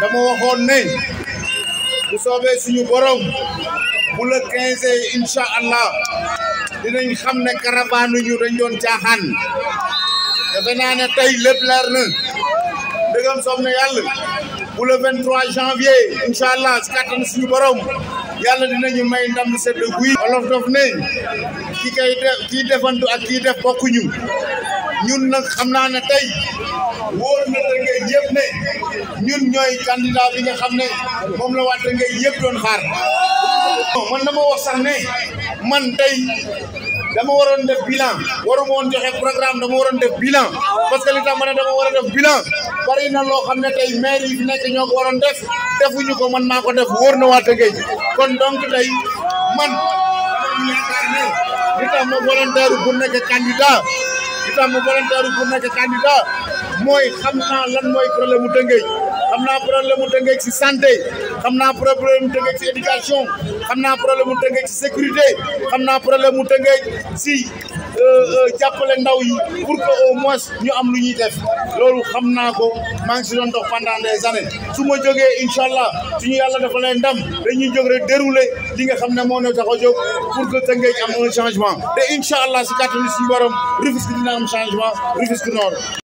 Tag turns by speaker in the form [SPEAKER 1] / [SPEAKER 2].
[SPEAKER 1] dama waxoon ne bu soobee suñu borom bu la quinze incha dinañ xam ne caravane ñu dañ doon caaxaan defe naa ne tey lépp leer na dëggam soob na yàlla bu le 23 janvier incha si kàttan suñu borom yàlla dinañu may ndam sedd guy olof dof ne ki kay def kii defantu ak kii def bokkuñu ñun nag xam naa ne tey wóor ñooy candidat bi nga xam ne moom la wàtte ngay yëpp doon xaar man dama wax sax man tey dama waroon def bilan waruma woon joxe programme dama waroon def bilan parce que li tax ma ne dama war a def bilan bari na loo xam ne tey maire yi fi ñoo ko waroon def defuñu ko man maa ko def wóor na waa Tëngéej kon donc tey man li tax ma volontaire pour nekk li tax ma volontaire pour nekk mooy xam naa lan mooy problème mu Tëngéej xam naa problème mu tëngeeg si santé xam naa problème mu tëngeeg si éducation xam naa problème mu tëngeeg si sécurité xam naa problème mu tëngeeg si euh, euh, jàppale ndaw yi pour que au ñu am lu ñuy def loolu xam naa ko maa ngi si doon dox pendant su ma jógee incha allah suñu yàlla dafa lay ndam dañuy jóg rek déroulé li nga xam ne moo ne tax a pour que tëngeej am un changement te incha allah si kàttanu suñu borom Rufisque dina am changement Rufisque Nord.